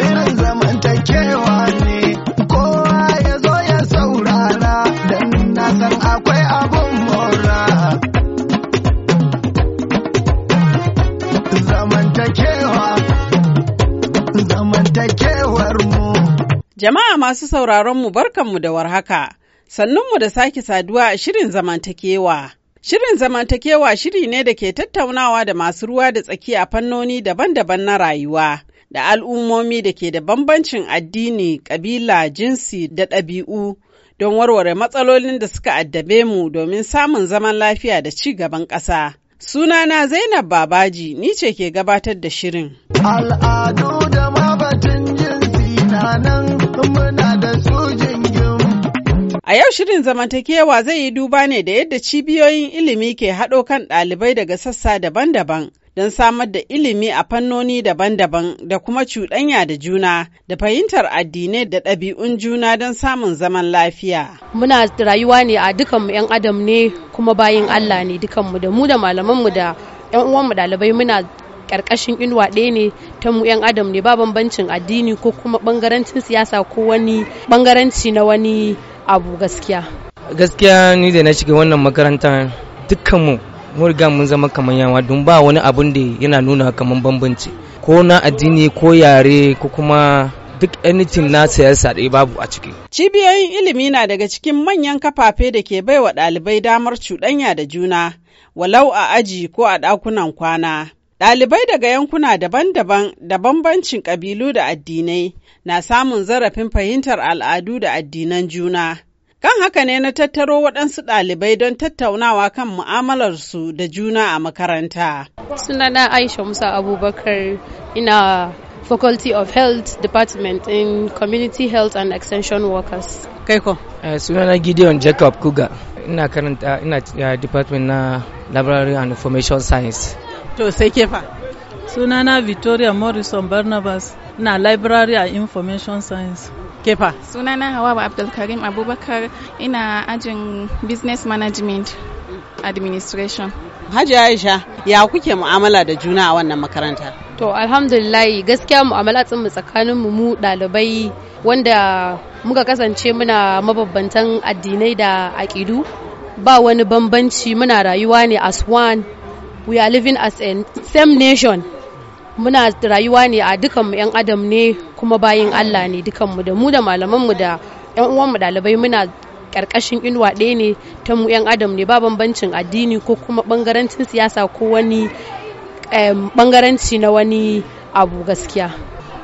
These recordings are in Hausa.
shirin zamantakewa ne kowa ya ya saurara don akwai abun mora jama'a masu sauraronmu barkanmu da warhaka sannunmu da sake saduwa a shirin zamantakewa Shirin zamantakewa shiri ne da ke tattaunawa da masu ruwa da tsaki a fannoni daban-daban na rayuwa, da al'ummomi da ke da bambancin addini, ƙabila, jinsi da ɗabi'u don warware matsalolin da suka addabe mu domin samun zaman lafiya da ci gaban ƙasa. Sunana Zainab Babaji ni ce ke gabatar da shirin. Al'adu da mabatin jinsi na nan muna da su A yau shirin zamantakewa zai yi duba ne da yadda cibiyoyin ilimi ke haɗo kan ɗalibai daga sassa daban-daban don samar da ilimi a fannoni daban-daban da kuma cuɗanya da juna da fahimtar addinai da ɗabi'un juna don samun zaman lafiya. Muna rayuwa ne a dukanmu 'yan adam ne kuma bayin Allah ne dukanmu da mu da malamanmu da 'yan uwanmu ɗalibai muna karkashin inuwa ɗaya ne ta mu 'yan adam ne ba bambancin addini ko kuma ɓangarancin siyasa ko wani ɓangaranci na wani abu gaskiya gaskiya ni da na shiga wannan makarantar dukkanmu mun riga mun zama kamar yawa don ba wani abun da yana nuna kamar bambanci ko na addini ko yare ko kuma duk anything na siyasa ɗaya babu a ciki. Cibiyoyin ilimi na daga cikin manyan kafafe da ke baiwa ɗalibai damar cuɗanya da juna, walau a aji ko a ɗakunan kwana. Ɗalibai daga yankuna daban-daban da bambancin ƙabilu da addinai na samun zarafin fahimtar al'adu da addinan juna. Kan haka ne na tattaro waɗansu ɗalibai don tattaunawa kan mu'amalarsu da juna a makaranta. Sunana Aisha Musa Abubakar ina Faculty of Health Department in Community Health and Extension Workers. Kai ko? Uh, sunana Gideon Jacob Kuga. Ina karanta ina uh, Department na Library and Information Science. To sai ke fa? Sunana Victoria Morrison Barnabas. Ina Library and Information Science. kefa sunana hawa abdulkarim abubakar ina ajin business management administration Hajiya Aisha ya kuke mu'amala da juna a wannan makaranta? To alhamdulillah gaskiya mu'amala mu tsakanin mu ɗalibai wanda muka kasance muna mababbantan addinai da aƙidu ba wani bambanci muna rayuwa ne as one we are living as a same nation muna rayuwa ne a dukanmu 'yan adam ne kuma bayin Allah ne dukanmu da mu da malamanmu da 'yan uwanmu dalibai muna karkashin inuwa ɗaya ne ta mu 'yan adam ne ba bambancin addini ko kuma bangarancin siyasa ko wani bangaranci na wani abu gaskiya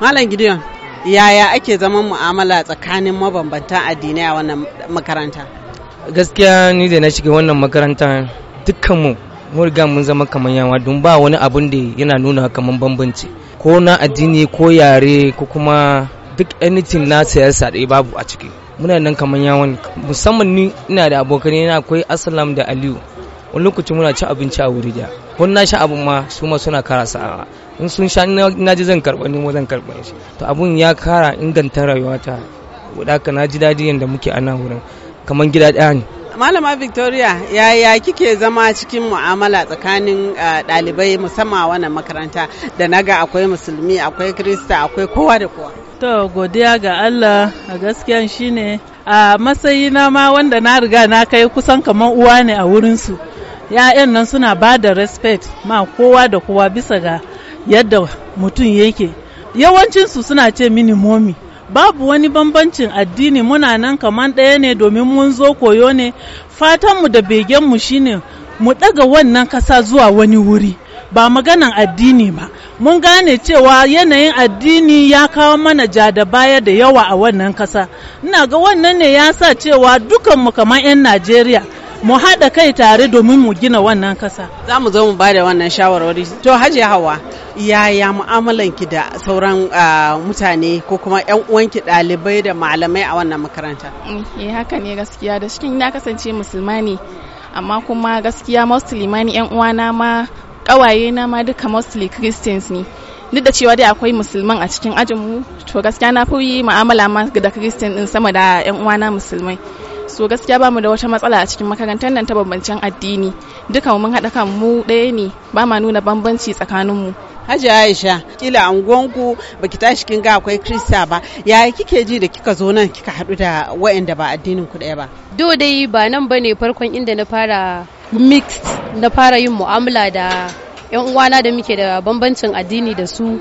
malam gideon yaya ake zaman mu'amala tsakanin mabambantan addinai a wannan makaranta gaskiya ni da na shiga wannan makaranta dukkanmu murga mun zama kamar yawa don ba wani abun da yana nuna kamar bambanci ko na addini ko yare ko kuma duk anything na siyasa ɗaya babu a ciki muna nan kamar yawon musamman ni ina da abokanai na akwai asalam da aliyu wani lokaci muna ci abinci a wuri da wani na sha abun ma su ma suna kara sa'a in sun sha na ji zan karɓa ni ma zan karɓa shi to abun ya kara inganta rayuwata wadaka na ji daɗi yadda muke a nan wurin kamar gida ɗaya ne Malama Victoria, yaya kike zama cikin mu'amala tsakanin ah, ɗalibai musamman wannan makaranta da naga akwai musulmi, akwai Kirista, akwai kowa da kowa? To, godiya ga Allah a gaskiyan shine a matsayi na ma wanda na riga na kai kusan kamar uwa ne a wurinsu. ‘Ya'yan nan suna ba da respect ma kowa da kowa bisa ga yadda mutum yake. Yawancinsu suna ce mini momi. babu wani bambancin addini muna nan kaman ɗaya ne domin mun zo koyo ne fatanmu da begenmu shine mu ɗaga wannan ƙasa zuwa wani wuri ba maganan addini ba mun gane cewa yanayin addini ya kawo mana ja da baya da yawa a wannan ƙasa ina ga wannan ne ya sa cewa dukanmu kamar 'yan najeriya mu haɗa kai tare domin mu gina wannan kasa. Za mu zo mu ba da wannan shawarwari. To Hajiya Hawa, yaya mu'amalanki da sauran ah, mutane ko kuma 'yan uwanki ɗalibai da malamai a wannan makaranta? Mm, eh haka ne gaskiya da shi na kasance musulma ne. Amma kuma gaskiya mostly ma ni 'yan uwana ma ƙawaye na ma duka mostly Christians ne. duk da cewa dai akwai musulman a cikin ajinmu to gaskiya na fi yi mu'amala ma da Christian din sama da 'yan uwana musulmai so gaskiya bamu da wata matsala a cikin makarantar nan ta bambancin addini duka mun haɗa kan mu ɗaya ne ba ma nuna bambanci tsakanin mu Hajji Aisha, kila angonku ki tashi kin ga akwai Krista ba, ya kike ji da kika zo nan kika haɗu da waɗanda ba addinin ku ɗaya ba? Do dai ba nan bane farkon inda na fara mixed na fara yin mu'amala da 'yan uwana da muke da bambancin addini da su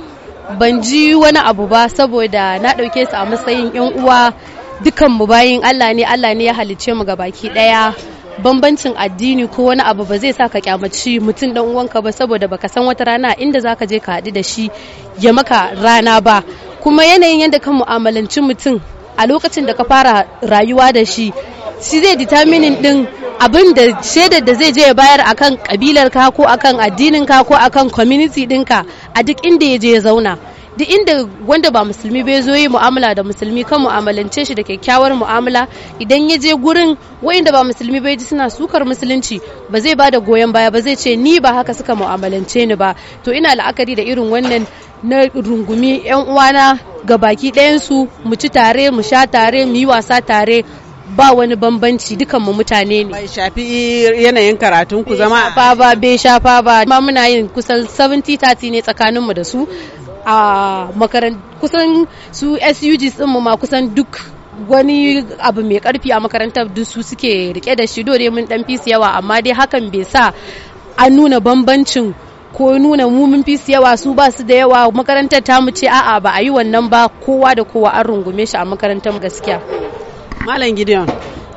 ban ji wani abu ba saboda na ɗauke su a matsayin 'yan uwa Dukanmu mu bayin Allah ne Allah ne ya halicce mu ga baki daya bambancin addini ko wani abu ba zai sa ka kyamaci mutum dan uwanka ba saboda baka san wata rana inda zaka je ka haɗu da shi ya maka rana ba kuma yanayin yadda ka mu'amalanci mutum a lokacin da ka fara rayuwa da shi shi zai determining din abin da shaidar da zai je ya bayar akan kabilar ka ko akan addinin ka ko akan community dinka a duk inda ya je ya zauna duk inda wanda ba musulmi bai zo yi mu'amala da musulmi kan mu'amalance shi da kyakkyawar mu'amala idan ya je gurin wayanda ba musulmi bai ji suna sukar musulunci ba zai ba da goyon baya ba zai ce ni ba haka suka mu'amalance ni ba to ina la'akari da irin wannan na rungumi yan uwana ga baki su mu ci tare mu sha tare mu yi wasa tare ba wani bambanci mu mutane ne. Bai shafi yanayin karatun ku zama? Ba ba bai shafa ba. Ma muna yin kusan 70-30 ne tsakanin mu da su. a makaran kusan su SUGs din mu ma kusan duk wani abu mai karfi a makarantar duk su suke rike da shi dole mun dan fi yawa amma dai hakan bai sa an nuna bambancin ko nuna mun fis yawa su ba su da yawa makarantar ta mu ce a'a ba a yi wannan ba kowa da kowa an rungume shi a makarantar gaskiya malam gideon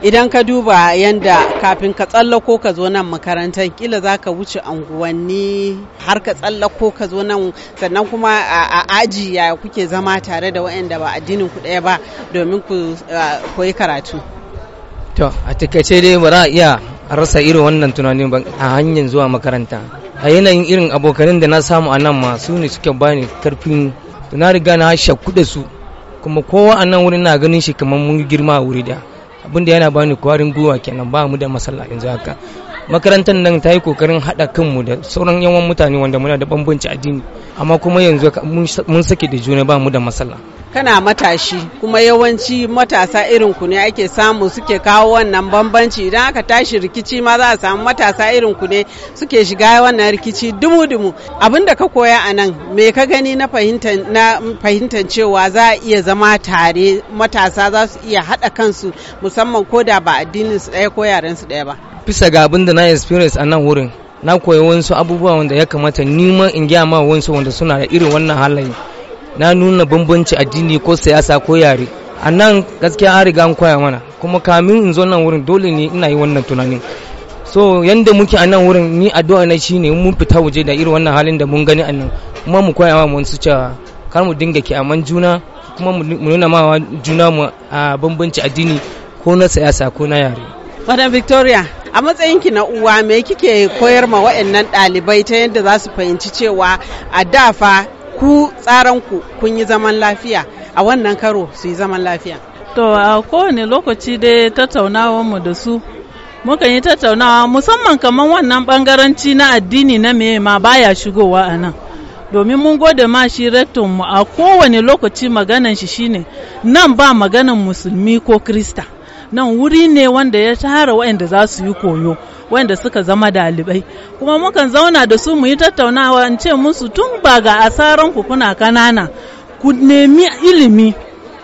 idan ka duba yanda kafin ka tsallako ka zo nan makarantar kila za ka wuce anguwanni har ka tsallako ka zo nan sannan kuma a aji ya kuke zama tare da waɗanda ba addinin ku ɗaya ba domin ku koyi karatu to a takaice dai ba za a iya rasa irin wannan tunanin ba a hanyar zuwa makaranta a yanayin irin abokanin da na samu a nan ma su ne suke bani karfin na riga na shakku da su kuma kowa a nan wurin na ganin shi kamar mun girma a wuri da abinda yana bani kwarin gwiwa kenan ba mu da masala yanzu haka makarantar nan ta yi kokarin haɗa kanmu da sauran yawan mutane wanda muna da bambanci addini amma kuma yanzu mun saki da juna ba mu da masala kana matashi kuma yawanci matasa irin ku ne ake samu suke kawo wannan bambanci idan aka tashi rikici ma za a samu matasa irin ku ne suke shiga wannan rikici dumu-dumu abin da ka koya a nan me ka gani na fahimtar cewa za a iya zama tare matasa za su iya haɗa kansu musamman ko da ba addinin su ɗaya ko yaren su ɗaya ba bisa ga abin da na experience a nan wurin na koyi wasu abubuwa wanda ya kamata ni ma in gaya ma wasu wanda suna da irin wannan halaye na nuna bambanci addini ko siyasa ko yare a nan gaskiya an riga an koya mana kuma kamin in zo nan wurin dole ne ina yi wannan tunanin so yanda muke a nan wurin ni addu'a na ne mun fita waje da irin wannan halin da mun gani a nan kuma mu koya wa mun su cewa kar mu dinga kyaman juna kuma mu nuna ma juna mu a bambanci addini ko na siyasa ko na yare Madam Victoria, a matsayinki na uwa me kike koyar ma waɗannan ɗalibai ta yadda za su fahimci cewa a dafa ku tsaranku kun yi zaman lafiya a wannan karo su yi zaman lafiya to a kowane lokaci dai mu da su muka yi tattaunawa musamman kamar wannan bangaranci na addini na meye ma baya shigowa a nan domin mun gode ma shi rektonmu a kowane lokaci maganan shi shine nan ba maganan musulmi ko krista nan wuri ne wanda ya tara wayanda za su yi koyo wayanda suka zama dalibai kuma mukan zauna da su mu yi tattaunawa in ce musu tun ba ga asaran ku kuna kanana ku nemi ilimi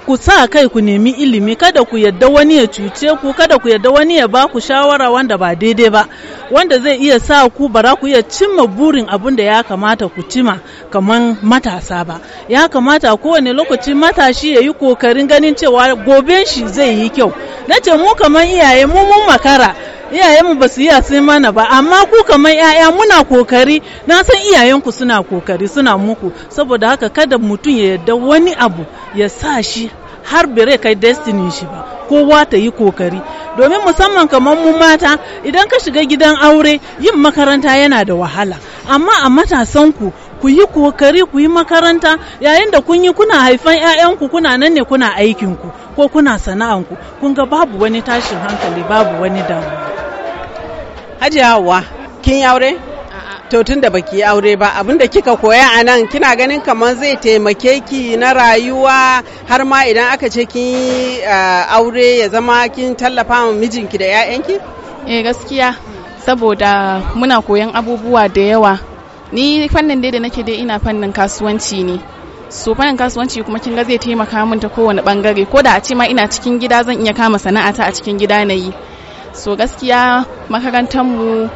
ku sa kai ku nemi ilimi kada ku yadda wani ya cuce ku kada ku yadda wani ya ba ku shawara wanda ba daidai ba wanda zai iya sa ku bara ku iya cimma burin abin da ya kamata ku cima kamar matasa ba ya kamata kowane lokaci matashi ya yi kokarin ganin cewa gobe shi zai yi kyau na ce mu kamar iyaye mu mun makara iyayenmu ba su yi sai mana ba amma ku kamar yaya muna kokari na san iyayenku suna kokari suna muku saboda haka kada mutum ya yarda wani abu ya sa shi har bere kai destiny shi ba kowa ta yi kokari domin musamman kamar mu mata idan ka shiga gidan aure yin makaranta yana da wahala amma a matasanku ku yi kokari ku yi makaranta yayin da kun yi kuna haifan 'ya'yanku kuna nan ne kuna aikinku ko kuna sana'anku kun ga babu wani tashin hankali babu wani damuwa. Hauwa, kin yi aure? To tun da baki yi aure ba abin da kika koya a nan kina ganin kamar zai taimake ki na rayuwa har ma idan aka ce kin yi aure ya zama kin tallafa wa mijinki da 'ya'yanki? Eh gaskiya saboda muna koyan abubuwa da yawa ni fannin dai da nake dai ina fannin kasuwanci ne so fannin kasuwanci kuma kin ga zai taimaka min ta kowane bangare ko da a ce ma ina cikin gida zan iya kama sana'a ta a cikin gida na yi so gaskiya makarantar mu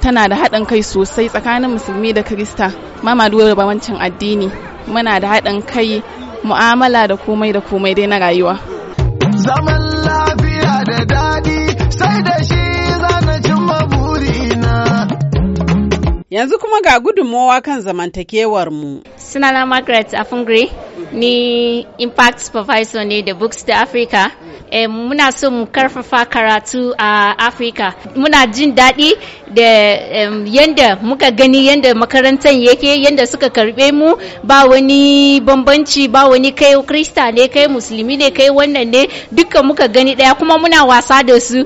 tana da haɗin kai sosai tsakanin musulmi da kirista mama dole rabawancin addini muna da haɗin kai mu'amala da komai da komai dai na rayuwa zaman lafiya da daɗi sai da Yanzu kuma ga gudunmowa kan zamantakewar mu. Sunana Margaret Afungri ni Impact Supervisor ne da Books da Africa. E, muna so mu karfafa karatu a Africa. Muna jin daɗi da yanda muka gani yanda makarantar yake yanda suka karɓe mu ba wani bambanci ba wani kai Krista ne kai musulmi ne kai wannan ne duka muka gani ɗaya kuma muna wasa da su.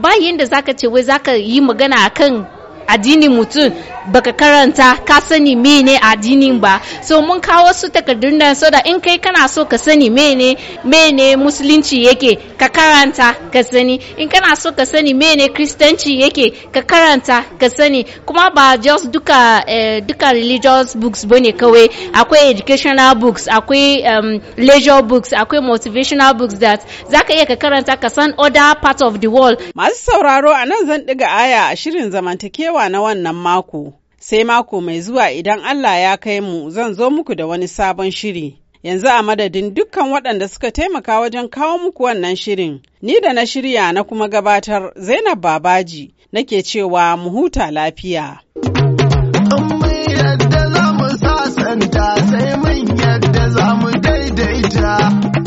Ba yanda zaka ce wai zaka yi magana akan addinin mutum baka karanta ka sani mene addinin ba so mun kawo su takardun nan so da in kai kana so ka sani mene mene musulunci yake ka karanta ka sani in kana so ka sani mene kristanci yake ka karanta ka sani kuma ba just duka eh, duka religious books bane kawai akwai educational books akwai um, leisure books akwai motivational books that zaka iya ka karanta ka san other part of the world masu sauraro a nan zan ɗiga aya a shirin zamantakewa yawa na wannan mako. Sai mako mai zuwa idan Allah ya kai mu zan zo muku da wani sabon shiri. Yanzu a madadin dukkan waɗanda suka taimaka wajen kawo muku wannan shirin, ni da na shirya na kuma gabatar Zainab Babaji nake cewa mu huta lafiya. yadda za mu sasanta sai mun yadda za daidaita.